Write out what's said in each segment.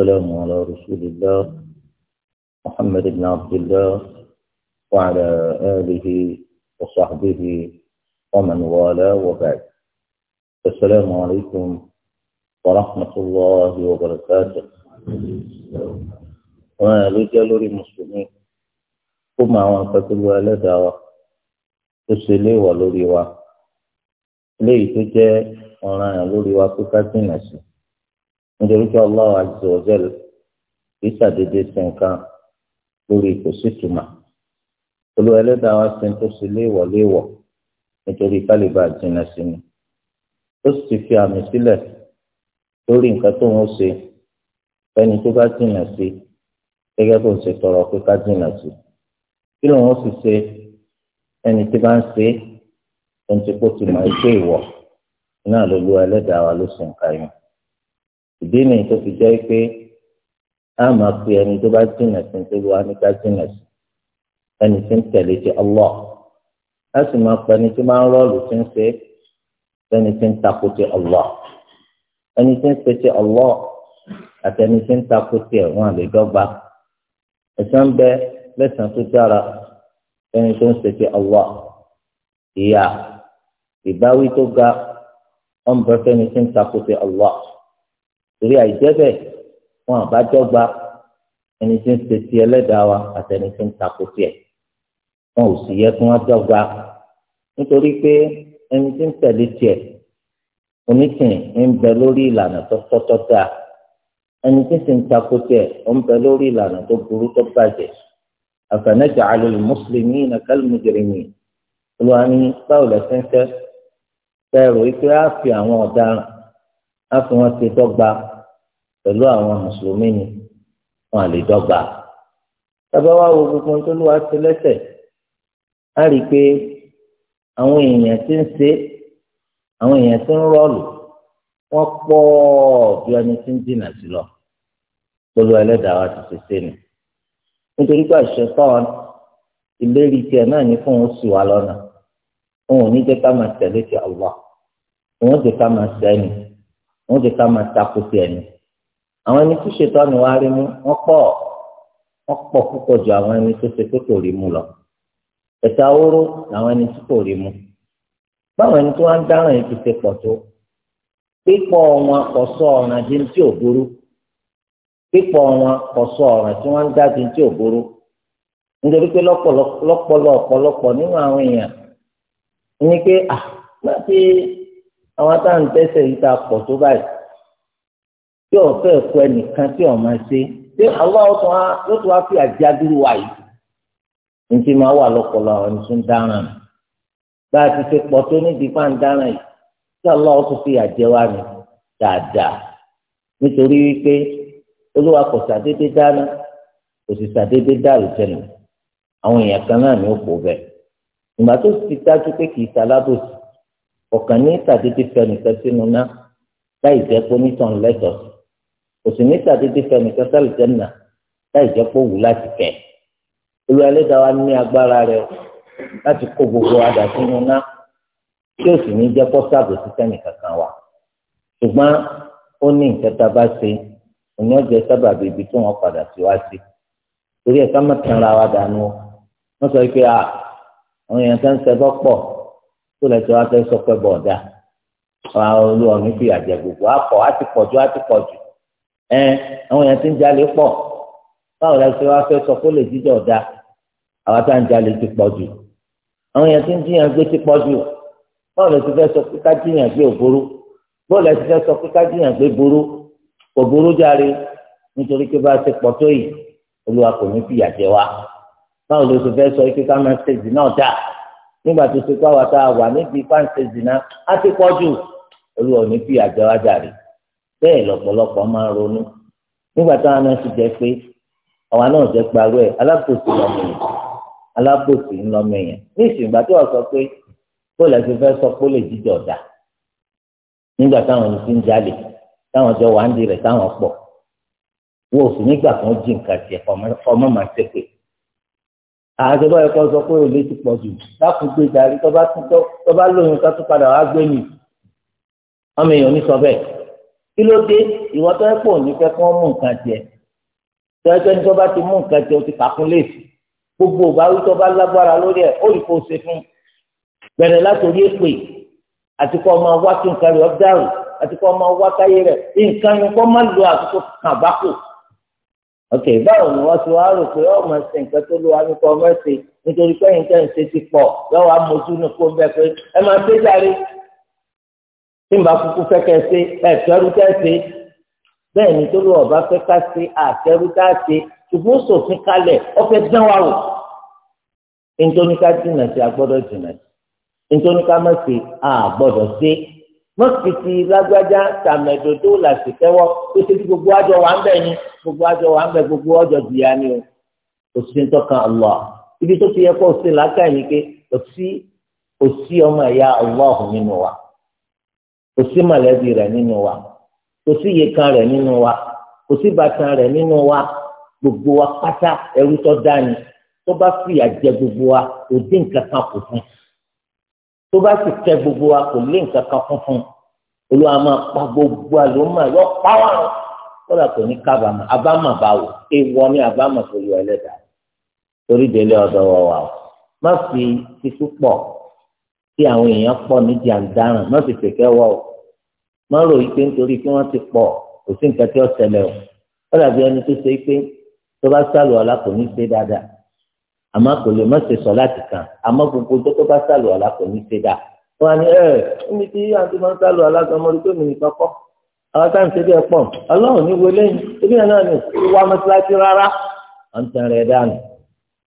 والسلام على رسول الله محمد بن عبد الله وعلى آله وصحبه ومن والاه وبعد السلام عليكم ورحمة الله وبركاته ورجال المسلمين ثم وانفت الوالدة تسلي ولوريوا ليه تجي ورانيا لوري وكتاتي نسي nítorí pé Allah azza wa jal kìí ṣàdédé sí nǹkan lórí kò sí tùmà olú ẹlẹ́dàá wa ṣe ń tó sí léèwọ̀ léèwọ̀ nítorí kálíbà jìnnà sí ni ó sì fi àmì sílẹ̀ lórí nǹkan tó ń ṣe ẹni tó bá jìnnà sí gẹ́gẹ́ bó ṣe tọrọ pé ká jìnnà sí kí ló ń sì ṣe ẹni tí bá ń ṣe ohun tí kò tì máa ń ṣe náà ló ẹlẹ́dàá wa ló ṣe nǹkan yẹn ìdí nìyí tó fi jẹ́ pé a máa pe ẹni tó bá jìnà sí nítorí wa ní ká jìnà sí ẹni tí ń tẹ̀lé ti Allah a sì máa pe ẹni tí máa ń rọ́ọ̀lù tí ń ṣe ẹni tí ń takò ti Allah ẹni tí ń ṣe ti Allah àti ẹni tí ń takò ti ẹ̀wọ̀n àlèdọ́gba ẹ̀san bẹ lẹ́san tó dára ẹni tó ń ṣe ti Allah ìyá ìbáwí tó ga ọ̀n bẹ́ẹ̀ fẹ́ni tí ń takò ti Allah torí àìjẹ́bẹ̀ wọn àbájọ́gba ẹni tí ń ṣe ti ẹlẹ́dàá wa àti ẹni tí ń takò tiẹ̀ wọn ò sì yẹ kí wọ́n dọ́gba nítorí pé ẹni tí ń tẹ̀lé tiẹ̀ onítìǹ ń bẹ lórí ìlànà tó tọ́tọ́ dáa ẹni tí ń sì ń takò tiẹ̀ ó ń bẹ lórí ìlànà tó burú tó bàjẹ́ àfẹnẹ́jà alẹ́ mùsùlùmí iná kálímùjẹ̀rìmì olùwàní báwo lẹ́sẹ̀ ń fẹ́ bẹ́ẹ̀ rò wípé á fi àwọn ọ̀daràn á fi wọn ṣe dọ́gba pẹ̀lú àwọn mùsùlùmí ni wọn à lè dọ́gba tábà wá wo gbogbo tó ló wá ṣe lẹ́sẹ̀ á rí i pé àwọn èèyàn ti ń ṣe àwọn èèyàn ti ń rọ́ọ̀lù wọ́n pọ̀ bí ẹni tí ń dìnà sí lọ pẹ̀lú ẹlẹ́dàá wa ti ṣe ṣe nù nítorí pé àṣẹ tán ìlérí tiẹ̀ náà ní fún òun sì wá lọ́nà òun ò ní jẹ́ ká máa tẹ̀lé ti Allah òun ó jẹ́ ká máa sẹ́ni. wọ́n ti ká máa takò ẹni àwọn ẹni tó ṣètò àmì wá rí mú wọ́n pọ̀ wọ́n lọ ẹ̀ta oró làwọn ẹni tí kò rí mú báwọn ẹni tó wá ń dáràn yìí ti ṣe pọ̀ tó pípọ̀ wọn kò sọ tí ò burú wọn kò sọ tí ń àwọn táwọn tẹ́sẹ̀ yìí ta pọ̀ tó báyìí tí fẹ́ kọ ẹnìkan tí máa ṣe ṣé àwọn ọ̀tún yóò wá fi àjádúró wa yìí ní máa wà lọ́pọ̀lọ́ àwọn ẹni tó ń dáràn bá a ti ṣe pọ̀ tó níbi bá ń dáràn yìí tí fi àjẹ wa mi dáadáa nítorí wípé olúwa kò sàdédé dáná kò sì sàdédé dàrú àwọn èèyàn kan náà ní òpó bẹ́ẹ̀ ìgbà tó ti dájú pé ọ̀kan ní tàdédé fẹ́ nìkan sínú náà láì jẹ́ pé onítàn lẹ́tọ̀ọ́ kò sì ní tàdédé fẹ́ nìkan sálì jẹ́nà láì jẹ́ pé òwú láti kẹ̀. olú ẹlẹ́dàá wa ní agbára rẹ̀ láti kó gbogbo adà sínú náà tí ó sì ní jẹ́ pọ́ sáàbò sísẹ́ nìkan kan wà. ṣùgbọ́n ó ní nǹkan tá a bá ṣe òní ọ̀jẹ̀ sábà bèbí tí wọ́n padà sí wá sí. torí ẹ̀ ká má tan ara wa dànù wọ́n sọ pé àwọn èèyàn tó lẹ́tọ́ wá fẹ́ sọ pé bọ̀ọ̀dà àwọn olúwa mi fi àjẹ gbogbo àpọ̀ á ti pọ̀jù á ti pọ̀jù ẹ àwọn yẹn ti ń jalè pọ̀ báwo la ṣe wá fẹ́ sọ pé lè jíjọ ọ̀dà àwọn tá ń jalè ti pọ̀jù àwọn yẹn ti ń jíyàn gbé ti pọ̀jù báwo la ṣe fẹ́ sọ pé ká jíyàn gbé òbúrú báwo la ṣe fẹ́ sọ pé ká jíyàn gbé burú kò járe nítorí pé bá ti pọ̀ tó yìí olúwa kò ní fìyà jẹ wá báwo la ṣe fẹ́ sọ pé ká máa ṣe ìdì náà dáa nígbà tó ti pàwọ́ tá a wà níbi pàǹtẹ̀ zina á ti pọ̀ jù olúwa ò ní fi àjẹwájà rè bẹ́ẹ̀ lọ́pọ̀lọpọ̀ máa ń ronú nígbà táwọn náà ti jẹ́ pé àwa náà jẹ́ parú ẹ̀ alákòóso lọ́mọ yẹn alábòsí ńlọmọ èèyàn ní ìsìngbà tó wà sọ pé bóòlù ẹsẹ fẹ́ sọ pé ó lè jíjọ dà nígbà táwọn ẹni tí ń jalè táwọn jọ wà ń di táwọn pọ̀ wọn ò sì nígbà kan jí nǹkan tiẹ̀ fọmọ màá ṣe pé àtọ́bá ẹ̀kọ́ sọ pé olè ti pọ̀ jù láti gbé jàrí tọ́ba tọ́ba lóyún ká tún padà wá gbé mi ọmọ èèyàn ní sọ bẹ́ẹ̀ kí ló dé ìwọ́n tó ẹ̀ pọ̀ ní fẹ́ kí wọ́n mú nǹkan jẹ tọ́jọ́ ní tọ́ba ti mú nǹkan jẹ o ti kàkún léèsì gbogbo ògbà wí tọ́ba lágbára lórí ẹ̀ ó rí kó o ṣe fún bẹ̀rẹ̀ láti orí èpè àti kọ́ ọmọ wá kí nǹkan rẹ̀ ọ́ dàrú àti kọ́ ọmọ wá káyé rẹ̀ nǹkan yẹn kọ́ má lo àtúntò kàbákò ok báwo ni wọ́n ti wá rò pé ọmọ ṣe nǹkan tó lù wá nípa ọmọ ṣe nítorí pé ẹ̀yin tẹ̀yìn ṣe ti pọ̀ lọ́wọ́ amójú ní kó ń bẹ pé ẹ máa ṣe járe tí n bá kúkú fẹ́ kẹ́ ṣe ẹ fẹ́rú tẹ́ ṣe bẹ́ẹ̀ ni tó lù ọ̀bá fẹ́ ká ṣe àfẹ́rú tá a ṣe ṣùgbọ́n sòfin kalẹ̀ ọ̀fẹ́ dán wa wò nítorí ká jìnà sí agbọ́dọ̀ jìnà sí nítorí ká má ṣe àgbọ́dọ̀ ṣe mọ́sìkì lágbájá tàmẹ̀dòdó làṣìkẹ́wọ́ tó ṣe bí gbogbo àjọ wà ń bẹ̀ ni gbogbo àjọ wà ń bẹ̀ gbogbo ọjọ́ jìyà ni o kò tọ́kan Allah ibi tó ti yẹ kó o ṣe làákà yìí pé kò sí ọmọ ẹ̀yà Allah nínú wa kò sí mọ̀lẹ́bí rẹ̀ nínú wa kò sí iyekan rẹ̀ nínú wa kò sí bàtàn rẹ̀ nínú wa gbogbo wa pátá ẹrú tó dání tó bá fìyà jẹ gbogbo wa òdì nǹkan kan kò fún tó bá sì tẹ gbogbo wa kò lé nǹkan kan funfun olúwa máa pa gbogbo àlòmọ yọ pàwọn kódà kò ní kábàámọ̀ àbámọ̀ báwo èèwọ̀ ní àbámọ̀ tó yọ ẹlẹ́dàá torí délé ọ̀dọ̀ wọ wa o má fi títú pọ̀ tí àwọn èèyàn pọ̀ ní jàǹdáràn má fi tètè wọ o má rò yí pé nítorí kí wọ́n ti pọ̀ kò sí nǹkan tí ó ṣẹlẹ̀ o kódà bí ẹni tó ṣe pé tó bá sálù ọlá kò ní ṣe dáadáa àmọ́ kò lè má ṣe sọ láti kàn àmọ́ gbogbo tó tó bá sálù àlá kò ní ṣe dà wọn ni ẹ ẹni tí àti máa ń sálù àlá gan mọ́ni pé mi nìkan kọ́ àwọn táà ń ṣe bí ẹ pọ̀ ọlọ́run ní wọlé ebi yẹn náà ni wà mọ́sálásí rárá wọ́n tan rẹ̀ dànù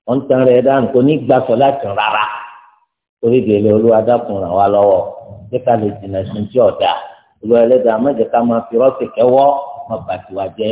wọ́n tan rẹ̀ dànù kò ní gbà sọ láti rárá torí gèlè olúwa dákun ràn wá lọ́wọ́ kí ká lè jìnnà sí ti ọ̀dà olúwa ẹlẹ́dàá má ká máa fi rọ́ọ̀sì kẹ́wọ́ má bàtì wá jẹ́